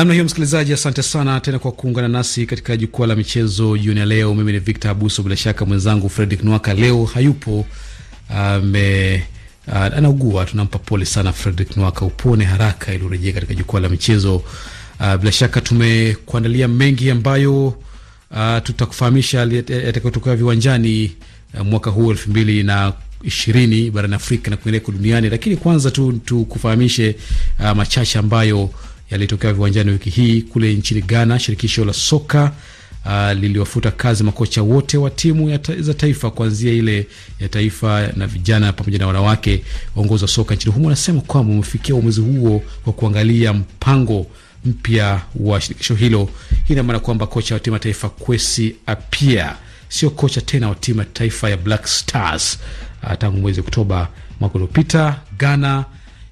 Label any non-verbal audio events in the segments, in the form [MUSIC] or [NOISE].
Namna hiyo, msikilizaji, asante sana tena kwa kuungana nasi katika jukwaa la michezo jioni ya leo. Mimi ni Victor Abuso, bila shaka mwenzangu Fredrick Nwaka leo hayupo, ame uh, uh, anaugua. Tunampa pole sana Fredrick Nwaka, upone haraka ili urejee katika jukwaa la michezo. Uh, bila shaka tumekuandalia mengi ambayo uh, tutakufahamisha yatakayotokea viwanjani uh, mwaka huu elfu mbili na ishirini barani Afrika na kuendelea duniani, lakini kwanza tu tukufahamishe uh, machache ambayo yalitokea viwanjani wiki hii kule nchini Ghana. Shirikisho la soka uh, liliwafuta kazi makocha wote wa timu ta za taifa kuanzia ile ya taifa na vijana pamoja na wanawake. Waongozi wa soka nchini humo wanasema kwamba wamefikia uamuzi huo kwa kuangalia mpango mpya wa shirikisho hilo. Hii ina maana kwamba kocha wa timu ya taifa Kwesi Apia sio kocha tena wa timu ya taifa ya Black Stars uh, tangu mwezi Oktoba mwaka uliopita. Ghana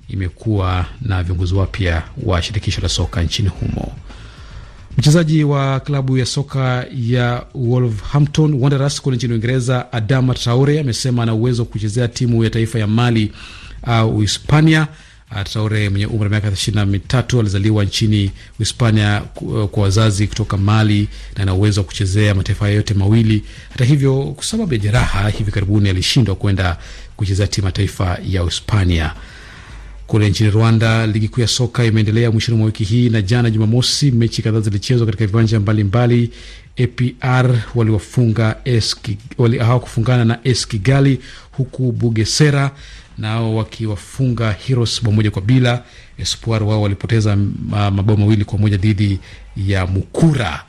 imekuwa na viongozi wapya wa shirikisho la soka nchini humo. Mchezaji wa klabu ya soka ya Wolverhampton Wanderers kule nchini Uingereza, Adama Traore amesema ana uwezo wa kuchezea timu ya taifa ya Mali au uh, Hispania. Uh, Traore mwenye umri wa miaka ishirini na mitatu alizaliwa nchini Hispania uh, kwa wazazi kutoka Mali na ana uwezo wa kuchezea mataifa yote mawili. Hata hivyo, kwa sababu ya jeraha, hivi karibuni alishindwa kwenda kuchezea timu ya taifa ya Hispania. Kule nchini Rwanda, ligi kuu ya soka imeendelea mwishoni mwa wiki hii, na jana Jumamosi mechi kadhaa zilichezwa katika viwanja mbalimbali. APR waliwafunga wali hawakufungana na AS Kigali, huku Bugesera nao wakiwafunga Heroes bao moja kwa bila. Espoir wao walipoteza mabao mawili kwa moja dhidi ya Mukura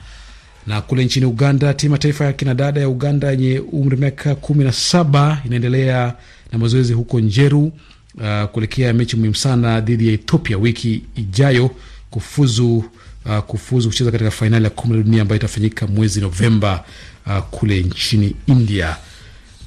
na kule nchini Uganda, timu ya taifa ya kinadada ya Uganda yenye umri miaka kumi na saba inaendelea na mazoezi huko Njeru uh, kuelekea mechi muhimu sana dhidi ya Ethiopia wiki ijayo kufuzu uh, kufuzu kucheza katika fainali ya kombe la dunia ambayo itafanyika mwezi Novemba uh, kule nchini India.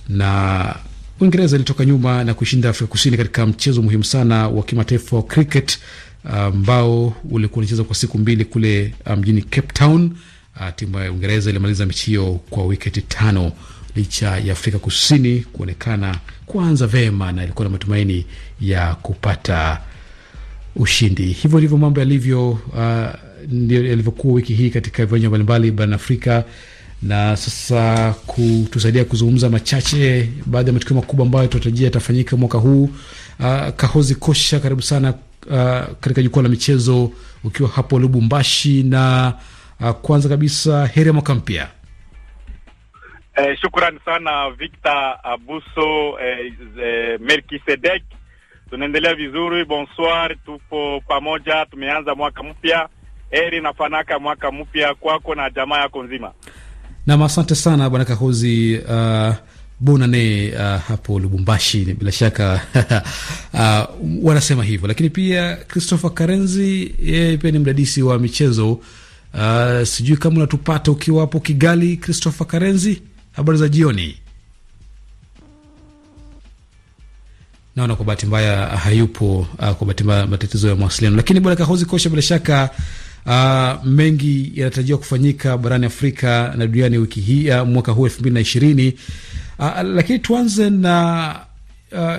Na Uingereza ilitoka nyuma na kushinda Afrika Kusini katika mchezo muhimu sana wa kimataifa wa cricket uh, ambao uh, ulikuwa unacheza kwa siku mbili kule uh, mjini um, Cape Town. Uh, timu ya Uingereza ilimaliza mechi hiyo kwa wiketi tano licha ya Afrika Kusini kuonekana kuanza vema na ilikuwa na matumaini ya kupata ushindi. Hivyo ndivyo mambo yalivyo, uh, yalivyokuwa wiki hii katika viwanja mbalimbali barani Afrika. Na sasa kutusaidia kuzungumza machache baadhi ya matukio makubwa ambayo tunatarajia yatafanyika mwaka huu, uh, Kahozi Kosha, karibu sana uh, katika jukwaa la michezo ukiwa hapo Lubumbashi. Na uh, kwanza kabisa heri ya mwaka mpya. Eh, shukrani sana Victor Abuso eh, eh, Melkisedek, tunaendelea vizuri. Bonsoir, tupo pamoja, tumeanza mwaka mpya. Heri na fanaka mwaka mpya kwako na jamaa yako nzima. Nam, asante sana bwana Kahozi. Uh, bonane uh, hapo Lubumbashi bila shaka [LAUGHS] uh, wanasema hivyo, lakini pia Christopher Karenzi yeye pia ni mdadisi wa michezo uh, sijui kama unatupata ukiwa hapo Kigali, Christopher Karenzi. Habari za jioni. Naona kwa bahati mbaya ah, hayupo, uh, kwa bahati mbaya matatizo ya mawasiliano, lakini bwana Kahozi Kosha, bila shaka uh, mengi yanatarajiwa kufanyika barani Afrika na duniani wiki hii, uh, mwaka huu elfu mbili na ishirini, uh, lakini tuanze na uh,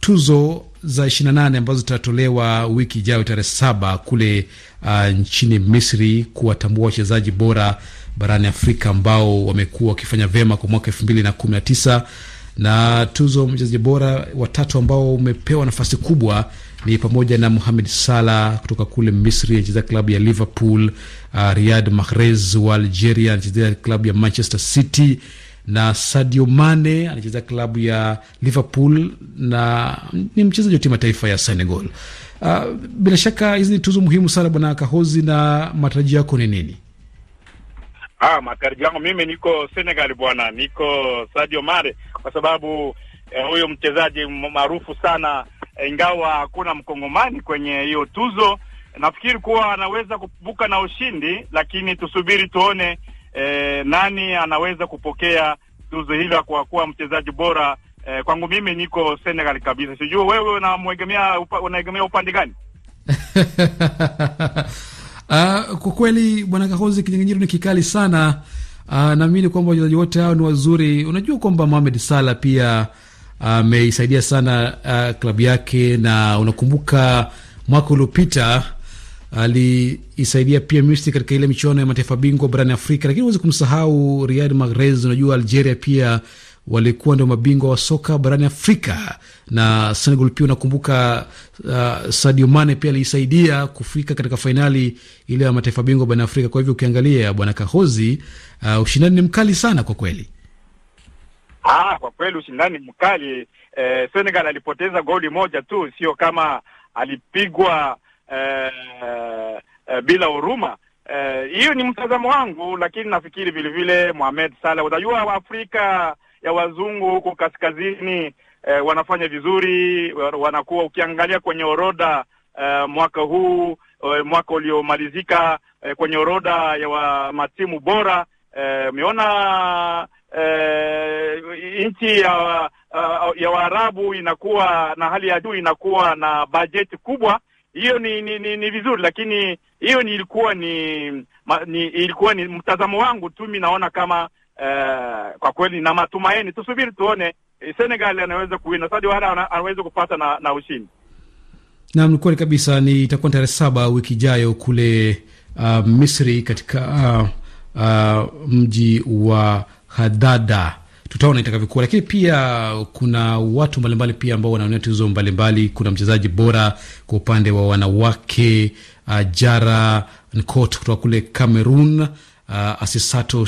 tuzo za 28 ambazo zitatolewa wiki ijayo tarehe saba kule uh, nchini Misri kuwatambua wachezaji bora barani Afrika ambao wamekuwa wakifanya vyema kwa mwaka elfu mbili na kumi na tisa na tuzo mchezaji bora watatu ambao umepewa nafasi kubwa ni pamoja na Muhamed Salah kutoka kule Misri anachezea klabu ya Liverpool. Uh, Riyad Mahrez wa Algeria anachezea klabu ya Manchester City na Sadio Mane anachezea klabu ya Liverpool na ni mchezaji wa timu ya taifa ya Senegal. Uh, bila shaka hizi ni tuzo muhimu sana, Bwana Kahozi, na matarajio yako ni nini? Ah, matarajio yangu mimi niko Senegal bwana, niko Sadio mare kwa sababu eh, huyo mchezaji maarufu sana eh, ingawa hakuna mkongomani kwenye hiyo tuzo, nafikiri kuwa anaweza kubuka na ushindi, lakini tusubiri tuone eh, nani anaweza kupokea tuzo hilo kwa kuwa mchezaji bora. Eh, kwangu mimi niko Senegal kabisa. Sijui wewe unamwegemea unaegemea upande gani? [LAUGHS] Uh, kwa kweli Bwana Kahozi, kinyang'anyiro ni kikali sana. Uh, naamini kwamba wachezaji wote hao ni wazuri. Unajua kwamba Mohamed Salah pia ah, ameisaidia uh, sana uh, klabu yake, na unakumbuka mwaka uliopita aliisaidia pia Misri katika ile michuano ya mataifa bingwa barani Afrika, lakini huwezi kumsahau Riyad Mahrez. Unajua Algeria pia walikuwa ndio mabingwa wa soka barani Afrika na Senegal pia unakumbuka, uh, Sadio Mane pia aliisaidia kufika katika fainali ile ya mataifa bingwa barani Afrika. Kwa hivyo ukiangalia bwana Kahozi, uh, ushindani ni mkali sana kwa kweli. Ah, kwa kweli ushindani mkali eh, Senegal alipoteza goli moja tu, sio kama alipigwa eh, eh, bila huruma eh, hiyo. Eh, ni mtazamo wangu, lakini nafikiri vilevile mhamed Mohamed Salah, unajua Afrika ya wazungu huko kaskazini eh, wanafanya vizuri, wanakuwa ukiangalia kwenye orodha eh, mwaka huu eh, mwaka uliomalizika eh, kwenye orodha ya wa, matimu bora eh, umeona eh, eh, nchi ya eh, ya Waarabu inakuwa na hali ya juu, inakuwa na bajeti kubwa. Hiyo ni, ni, ni, ni vizuri, lakini hiyo ni ilikuwa ni, ma, ni ilikuwa ni mtazamo wangu tu. Mi naona kama Eh, kwa kweli na matumaini, tusubiri tuone eh, Senegal anaweza kuwina Sadi Arabia anaweza kupata na, na ushindi. Naam, kweli kabisa. Ni itakuwa tarehe saba wiki ijayo kule uh, Misri katika uh, uh, mji wa Hadada tutaona itakavyokuwa, lakini pia kuna watu mbalimbali pia ambao wanaonea tuzo mbalimbali. Kuna mchezaji bora kwa upande wa wanawake uh, Jara Nkot kutoka kule Cameroon uh, Asisato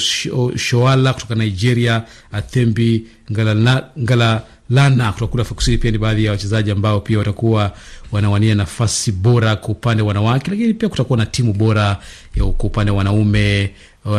Shoala kutoka Nigeria, Athembi Ngalala, Ngalalana kutoka kule Afrika Kusini. Pia ni baadhi ya wachezaji ambao pia watakuwa wanawania nafasi bora kwa upande wa wanawake, lakini pia kutakuwa na timu bora kwa upande wa wanaume uh,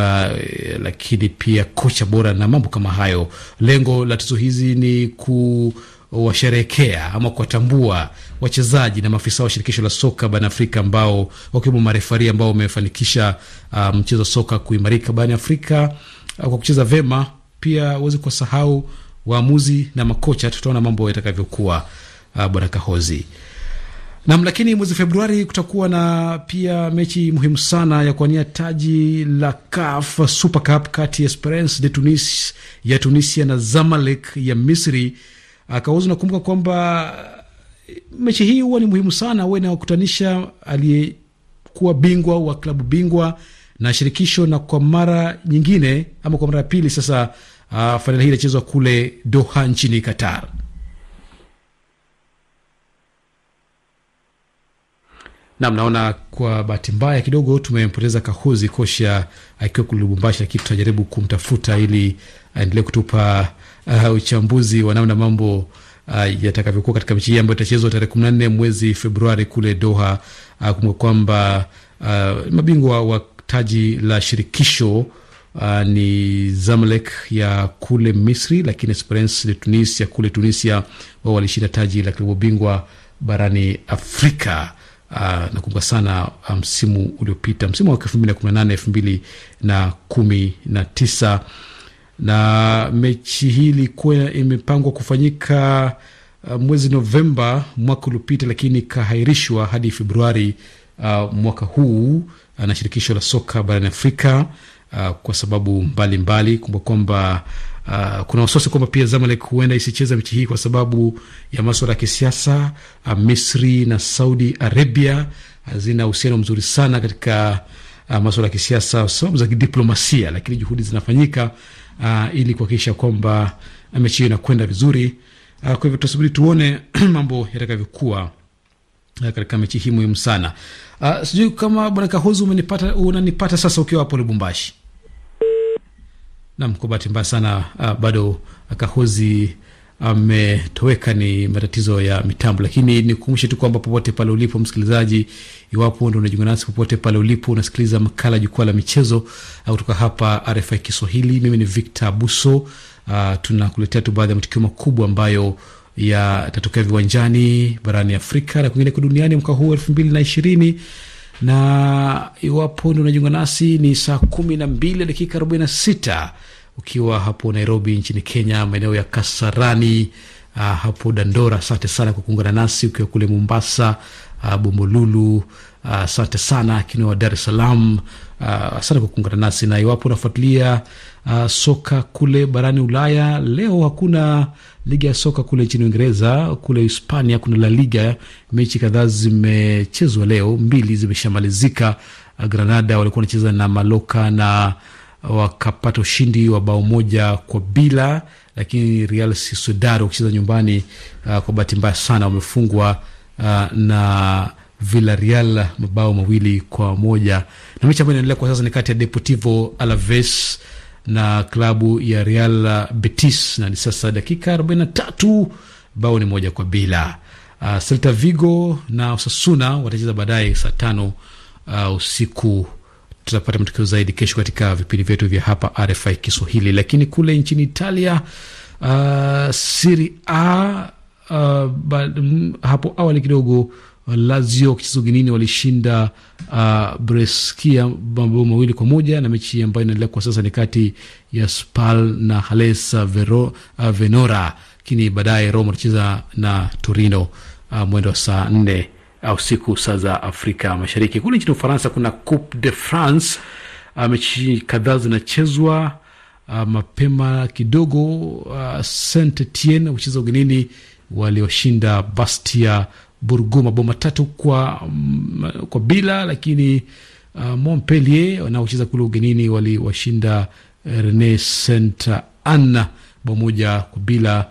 lakini pia kocha bora na mambo kama hayo. Lengo la tuzo hizi ni ku washerekea ama kuwatambua wachezaji na maafisa wa shirikisho la soka barani Afrika ambao wakiwemo marefari ambao wamefanikisha uh, mchezo um, wa soka kuimarika barani Afrika uh, kwa kucheza vema. Pia huwezi kuwasahau waamuzi na makocha. Tutaona mambo yatakavyokuwa, uh, bwana Kahozi nam. Lakini mwezi Februari kutakuwa na pia mechi muhimu sana ya kuania taji la CAF Super Cup kati ya Esperance de Tunis ya Tunisia na Zamalek ya Misri akauza nakumbuka kwamba eh, mechi hii huwa ni muhimu sana, huwa inawakutanisha aliyekuwa bingwa wa klabu bingwa na shirikisho, na kwa mara nyingine ama kwa mara ya pili sasa, uh, ah, fainali hii inachezwa kule Doha nchini Qatar. Nam, naona kwa bahati mbaya kidogo tumempoteza Kahozi Kosha akiwa kule Lubumbashi, lakini tutajaribu kumtafuta ili aendelee kutupa uh, uchambuzi wa namna mambo uh, yatakavyokuwa katika mechi hii ambayo itachezwa tarehe kumi na nne mwezi Februari kule Doha. Uh, kumbuka kwamba uh, mabingwa wa taji la shirikisho uh, ni Zamalek ya kule Misri, lakini Esperance de Tunis ya kule Tunisia, wao walishinda taji la klabu bingwa barani Afrika. Uh, nakumbuka sana msimu um, uliopita msimu wa elfu mbili na kumi na nane elfu mbili na kumi na tisa na mechi hii ilikuwa imepangwa kufanyika uh, mwezi Novemba mwaka uliopita, lakini ikahairishwa hadi Februari uh, mwaka huu uh, na shirikisho la soka barani Afrika uh, kwa sababu mbalimbali. Kumbuka kwamba Uh, kuna wasiwasi kwamba pia Zamalek huenda isicheza mechi hii kwa sababu ya maswala ya kisiasa. Uh, Misri na Saudi Arabia uh, zina uhusiano mzuri sana katika uh, maswala ya kisiasa, sababu za kidiplomasia, lakini juhudi zinafanyika uh, ili kuhakikisha kwamba mechi hiyo inakwenda vizuri. Uh, kwa hivyo tutasubiri tuone [CLEARS THROAT] mambo yatakavyokuwa uh, katika mechi hii muhimu sana. Uh, sijui kama bwana Kahozi umenipata, unanipata sasa ukiwa hapo Lubumbashi? Nam, kwa bahati mbaya sana uh, bado Kahozi ametoweka, ni matatizo ya mitambo, lakini nikukumbushe tu kwamba popote pale ulipo msikilizaji, Iwapo ndo unajiunga nasi popote pale ulipo, unasikiliza makala jukwaa la michezo uh, kutoka hapa RFI Kiswahili. Mimi ni Victor Buso. Uh, tunakuletea tu baadhi ya matukio makubwa ambayo yatatokea viwanjani barani Afrika na kwingineko duniani mwaka huu elfu mbili na ishirini na iwapo ndo unajiunga nasi ni saa kumi na mbili dakika arobaini na sita ukiwa hapo Nairobi nchini Kenya, maeneo ya Kasarani, uh, hapo Dandora. Asante sana kwa kuungana nasi ukiwa kule Mombasa uh, ah, Bombolulu. Ah, asante uh, sana kini wa Dar es Salaam. Ah, asante uh, kwa kuungana nasi, na iwapo unafuatilia uh, soka kule barani Ulaya, leo hakuna ligi ya soka kule nchini Uingereza. Kule Hispania kuna La Liga, mechi kadhaa zimechezwa leo, mbili zimeshamalizika. Uh, Granada walikuwa wanacheza na Maloka na wakapata ushindi wa bao moja kwa bila, lakini Real Sociedad wakicheza nyumbani uh, kwa bahati mbaya sana wamefungwa uh, na Villarreal mabao mawili kwa moja na mechi ambayo inaendelea kwa sasa ni kati ya Deportivo Alaves na klabu ya Real Betis na ni sasa dakika 43 bao ni moja kwa bila. Uh, Celta Vigo na Osasuna watacheza baadaye saa tano uh, usiku. Tutapata matokeo zaidi kesho katika vipindi vyetu vya hapa RFI Kiswahili. Lakini kule nchini Italia, uh, Serie A uh, mm, hapo awali kidogo uh, Lazio wakicheza ugenini walishinda uh, Brescia mabao mawili kwa moja, na mechi ambayo inaendelea kwa sasa ni kati ya Spal na Hales uh, Venora, lakini baadaye Roma watacheza na Torino uh, mwendo wa saa nne au uh, siku saa za Afrika Mashariki. Kule nchini Ufaransa kuna Coupe de France uh, mechi kadhaa zinachezwa uh, mapema kidogo uh, Saint Etienne wakicheza ugenini walioshinda Bastia Burgu bao matatu kwa, mm, kwa bila, lakini uh, Montpellier wanaocheza kule ugenini waliwashinda uh, Rene Saint Anna bao moja kwa bila.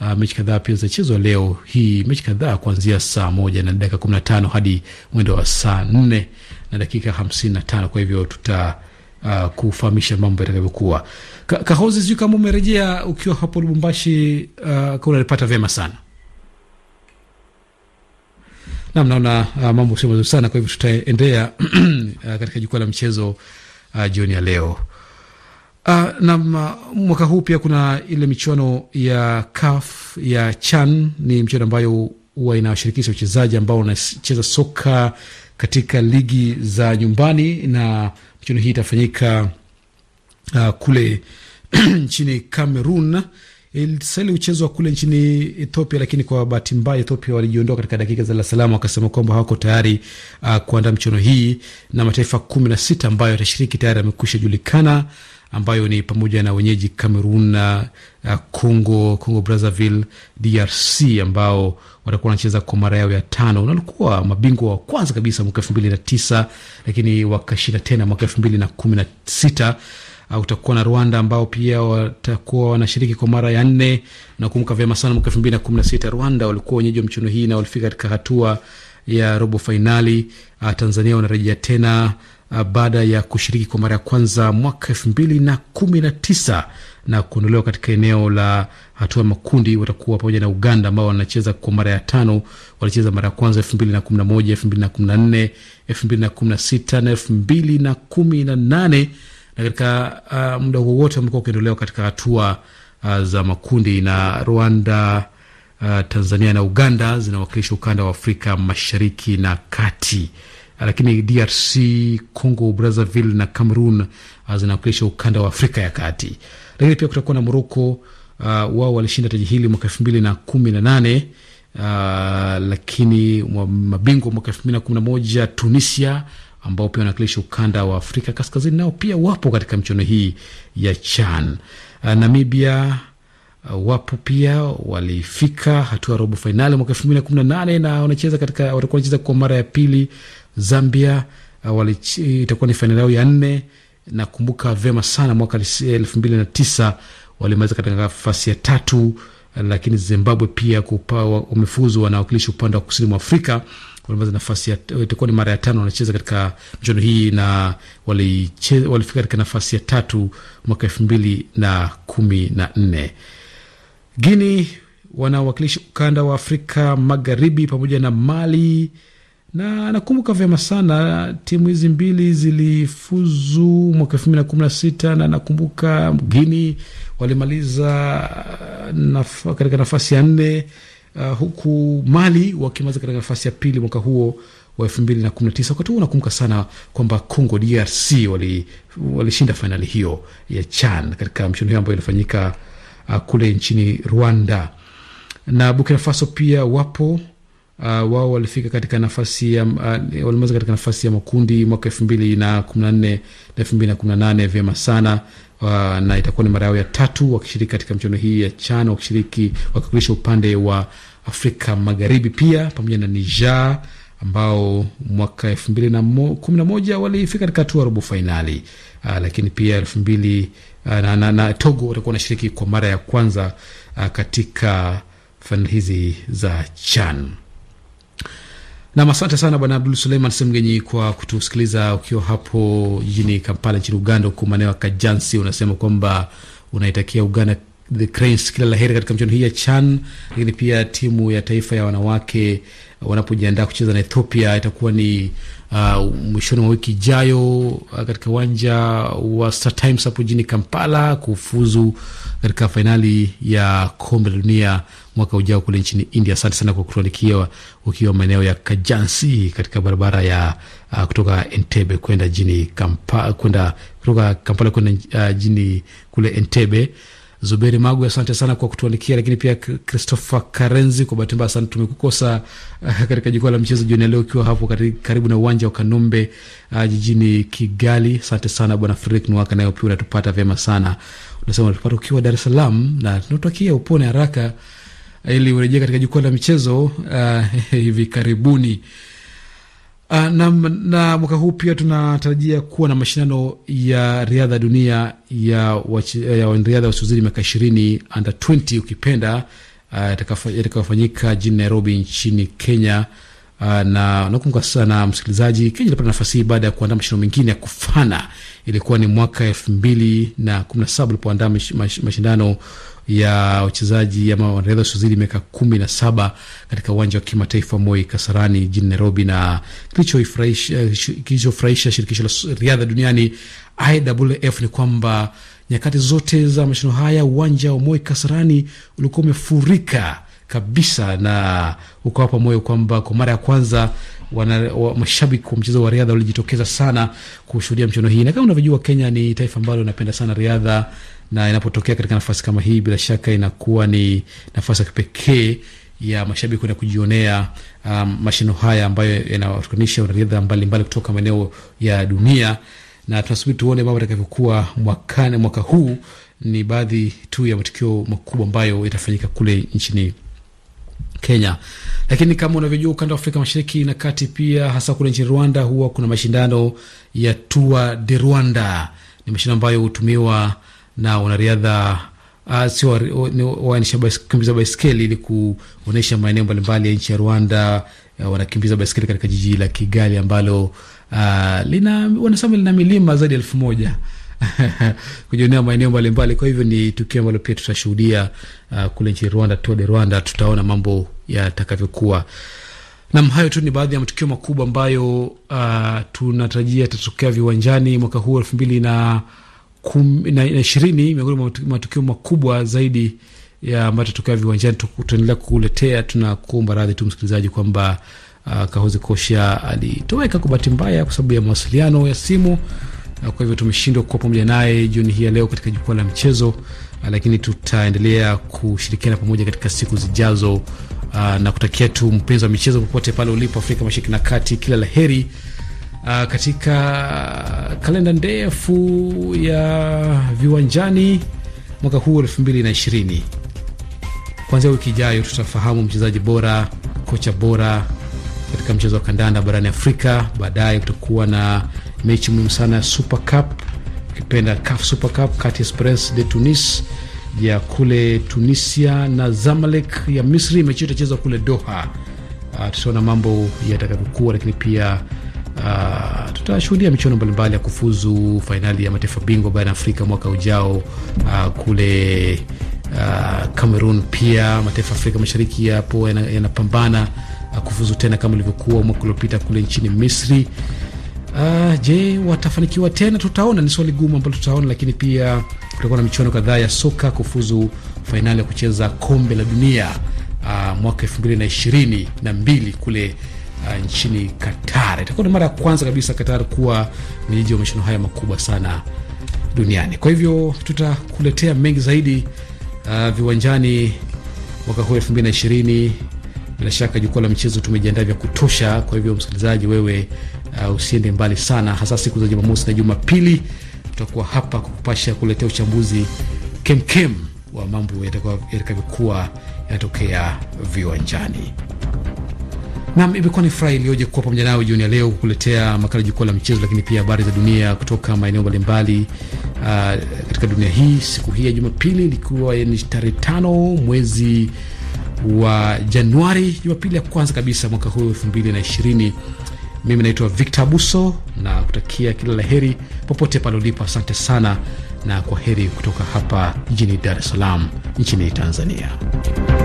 Uh, mechi kadhaa pia zitachezwa leo hii, mechi kadhaa kuanzia saa moja na dakika kumi na tano hadi mwendo wa saa nne na dakika hamsini na tano kwa hivyo tuta Uh, kufahamisha mambo yatakavyokuwa. Kahozi, sijui kama umerejea ukiwa hapo Lubumbashi, uh, kaunalipata vyema sana Nam, naona uh, mambo sio mazuri sana, kwa hivyo tutaendea uh, [CLEARS THROAT] ah, katika jukwaa la mchezo uh, ah, jioni ya leo. Uh, na mwaka huu pia kuna ile michuano ya CAF ya CHAN. Ni michuano ambayo huwa inawashirikisha wachezaji ambao wanacheza soka katika ligi za nyumbani, na michuano hii itafanyika uh, kule [CLEARS THROAT] nchini Cameroon ilistahili kuchezwa kule nchini Ethiopia, lakini kwa bahati mbaya Ethiopia walijiondoa katika dakika za lala salama, wakasema kwamba hawako tayari uh, kuandaa mchuano hii, na mataifa kumi na sita ambayo yatashiriki tayari yamekwisha julikana ambayo ni pamoja na wenyeji Cameroon na uh, Congo, Congo Brazzaville, DRC ambao watakuwa wanacheza kwa mara yao ya tano, na walikuwa mabingwa wa kwanza kabisa mwaka elfu mbili na tisa lakini wakashinda tena mwaka elfu mbili na kumi na sita utakuwa na Rwanda ambao pia watakuwa wanashiriki kwa mara ya nne. Nakumbuka vyema sana mwaka elfu mbili na kumi na sita Rwanda walikuwa wenyeji wa michuano hii na walifika katika hatua ya robo fainali. Ah, Tanzania wanarejea tena ah, baada ya kushiriki kwa mara ya kwanza mwaka elfu mbili na kumi na tisa na kuondolewa katika eneo la hatua ya makundi. Watakuwa pamoja na Uganda ambao wanacheza kwa mara ya tano. Walicheza mara ya kwanza elfu mbili na kumi na moja elfu mbili na kumi na nne elfu mbili na kumi na sita na elfu mbili na kumi na nane na katika uh, muda huo wote umekuwa ukiondolewa katika hatua uh, za makundi na Rwanda uh, Tanzania na Uganda zinawakilisha ukanda wa Afrika Mashariki na Kati, lakini DRC, Congo Brazzaville na Cameroon uh, zinawakilisha ukanda wa Afrika ya Kati. Lakini pia kutakuwa na Moroko uh, wao walishinda taji hili mwaka elfu mbili na kumi na nane uh, lakini mabingwa mwaka elfu mbili na kumi na moja Tunisia ambao pia wanawakilisha ukanda wa Afrika Kaskazini, nao pia wapo katika michuano hii ya CHAN. Uh, Namibia uh, wapo pia, walifika hatua ya robo fainali mwaka elfu mbili na kumi na nane na wanacheza katika, watakuwa wanacheza kwa mara ya pili. Zambia uh, itakuwa ni fainali yao ya nne. Nakumbuka vema sana mwaka eh, elfu mbili na tisa walimaliza katika nafasi ya tatu, lakini Zimbabwe pia wamefuzu, wanawakilisha upande wa kusini mwa Afrika walimaliza nafasi ya, itakuwa ni mara ya tano wanacheza katika michuano hii na walifika katika nafasi ya tatu mwaka elfu mbili na kumi na nne. Guini wanawakilisha ukanda wa Afrika Magharibi pamoja na Mali na nakumbuka vyema sana timu hizi mbili zilifuzu mwaka elfu mbili na kumi na sita na nakumbuka Guini walimaliza uh, naf katika nafasi ya nne uh, huku Mali wakimaliza katika nafasi ya pili mwaka huo wa 2019. Wakati huo unakumbuka sana kwamba Congo DRC walishinda wali fainali hiyo ya CHAN katika mchuano hiyo ambayo ilifanyika uh, kule nchini Rwanda na Burkina Faso pia wapo Uh, wao walifika katika nafasi ya uh, walimaliza katika nafasi ya makundi mwaka elfu mbili na kumi na nne na elfu mbili na kumi na nane vyema sana uh, na itakuwa ni mara yao ya tatu wakishiriki katika michuano hii ya CHAN wakishiriki wakiwakilisha upande wa Afrika Magharibi pia pamoja na Niger ambao mwaka elfu mbili na kumi na moja walifika katika hatua robo fainali uh, lakini pia elfu mbili uh, na, na, na Togo watakuwa wanashiriki kwa mara ya kwanza uh, katika fainali hizi za CHAN. Nam, asante sana Bwana Abdul Suleiman Semgenyi kwa kutusikiliza ukiwa hapo jijini Kampala nchini Uganda, huku maeneo ya Kajansi unasema kwamba unaitakia Uganda the Cranes kila la heri katika mchezo hii ya CHAN. Lakini pia timu ya taifa ya wanawake wanapojiandaa kucheza na Ethiopia itakuwa ni uh, mwishoni mwa wiki ijayo uh, katika uwanja wa Star Times hapo jijini Kampala kufuzu katika fainali ya kombe la dunia mwaka ujao kule nchini India. Asante sana kwa kutuandikia ukiwa maeneo ya Kajansi katika barabara ya uh, kutoka Entebbe kwenda jini Kampala, kwenda kutoka Kampala kwenda uh, jini kule Entebbe. Zuberi Magu, asante sana kwa kutuandikia, lakini pia Christopher Karenzi, kwa bahati mbaya sana tumekukosa uh, katika jukwaa la mchezo jioni leo, ukiwa hapo karibu na uwanja wa Kanombe uh, ah, jijini Kigali. Asante sana bwana Fredrik Nwaka, nayo pia unatupata vyema sana, unasema unatupata ukiwa Dar es Salaam, na tunatakia upone haraka ili urejee katika jukwaa la michezo uh, [LAUGHS] hivi karibuni. Ah, na, na mwaka huu pia tunatarajia kuwa na mashindano ya riadha dunia ya wanariadha wasiozidi miaka ishirini under 20 ukipenda, uh, ah, jini jijini Nairobi nchini Kenya. Uh, na nakumbuka sana msikilizaji, Kenya ilipata nafasi hii baada ya kuandaa mashindano mengine ya kufana. Ilikuwa ni mwaka elfu mbili na kumi na saba ulipoandaa mashindano ya wachezaji ama wanariadha wasiozidi miaka kumi na saba katika uwanja wa kimataifa Moi Kasarani jijini Nairobi. Na eh, kilichofurahisha shirikisho la riadha duniani IAAF ni kwamba nyakati zote za mashindano haya uwanja wa Moi Kasarani ulikuwa umefurika kabisa na ukawapa moyo kwamba kwa mara ya kwanza mashabiki wa mchezo wa riadha walijitokeza sana kushuhudia mchezo hii, na kama unavyojua Kenya ni taifa ambalo linapenda sana riadha, na inapotokea katika nafasi kama hii, bila shaka inakuwa ni nafasi ya kipekee ya mashabiki kwenda kujionea um, mashindano haya ambayo yanawakutanisha wanariadha mbalimbali kutoka maeneo ya dunia, na tunasubiri tuone mambo yatakavyokuwa mwakani. Mwaka huu ni baadhi tu ya matukio makubwa ambayo yatafanyika kule nchini Kenya. Lakini kama unavyojua, ukanda wa Afrika Mashariki na Kati pia hasa kule nchini Rwanda huwa kuna mashindano ya Tour de Rwanda. Ni mashindano ambayo hutumiwa na wanariadha Uh, sio waendesha kimbiza baiskeli ili kuonyesha maeneo mbalimbali ya nchi ya Rwanda. Uh, wanakimbiza baiskeli katika jiji la Kigali ambalo uh, lina wanasema lina milima zaidi ya elfu moja [LAUGHS] kujionea maeneo mbalimbali. Kwa hivyo ni tukio ambalo pia tutashuhudia uh, kule nchini Rwanda, Tour de Rwanda, tutaona mambo yatakavyokuwa. Nam, hayo tu ni baadhi ya matukio makubwa ambayo uh, tunatarajia yatatokea viwanjani mwaka huu elfu mbili na ishirini, miongoni mwa matukio makubwa zaidi ya ambayo tatokea viwanjani. Tutaendelea kukuletea. Tunakuomba radhi tu msikilizaji kwamba uh, Kahozi Kosha alitoweka kwa bahati mbaya kwa sababu ya mawasiliano ya simu. Kwa hivyo tumeshindwa kuwa pamoja naye jioni hii ya leo katika jukwaa la mchezo, ah, lakini tutaendelea kushirikiana pamoja katika siku zijazo, Uh, na kutakia tu mpenzi wa michezo popote pale ulipo Afrika Mashariki na Kati kila la heri. Uh, katika kalenda ndefu ya viwanjani mwaka huu elfu mbili na ishirini. kuanzia wiki ijayo tutafahamu mchezaji bora, kocha bora katika mchezo wa kandanda barani Afrika. Baadaye kutakuwa na mechi muhimu sana ya Super Cup ukipenda CAF Super Cup kati ya Esperance de Tunis ya kule Tunisia na Zamalek ya Misri. Mechi hiyo itachezwa kule Doha. Uh, tutaona mambo yatakavyokuwa, lakini pia uh, tutashuhudia michuano mbalimbali ya kufuzu fainali ya mataifa bingwa barani Afrika mwaka ujao uh, kule Cameroon. Uh, pia mataifa Afrika Mashariki yapo yanapambana yana uh, kufuzu tena kama ilivyokuwa mwaka uliopita kule nchini Misri. Uh, je, watafanikiwa tena? Tutaona, ni swali gumu ambalo tutaona, lakini pia kutakuwa na michuano kadhaa ya soka kufuzu fainali ya kucheza kombe la dunia uh, mwaka elfu mbili na ishirini na mbili kule uh, nchini Qatar. Itakuwa ni mara ya kwanza kabisa Qatar kuwa mwenyeji wa mashindano haya makubwa sana duniani. Kwa hivyo tutakuletea mengi zaidi uh, viwanjani mwaka huu elfu mbili na ishirini. Bila shaka jukwaa la michezo tumejiandaa vya kutosha, kwa hivyo msikilizaji, wewe Uh, usiende mbali sana, hasa siku za Jumamosi na Jumapili tutakuwa hapa kukupasha kuletea uchambuzi kemkem wa mambo yatakavyokuwa yanatokea viwanjani. Nam, imekuwa ni furaha iliyoje kuwa pamoja nayo jioni ya leo kukuletea makala jukwaa la michezo, lakini pia habari za dunia kutoka maeneo mbalimbali uh, katika dunia hii. Siku hii ya Jumapili ilikuwa ni tarehe tano mwezi wa Januari, Jumapili ya kwanza kabisa mwaka huu elfu mbili na ishirini mimi naitwa Victor Buso na kutakia kila la heri popote pale ulipo. Asante sana na kwa heri kutoka hapa jijini Dar es Salaam nchini Tanzania.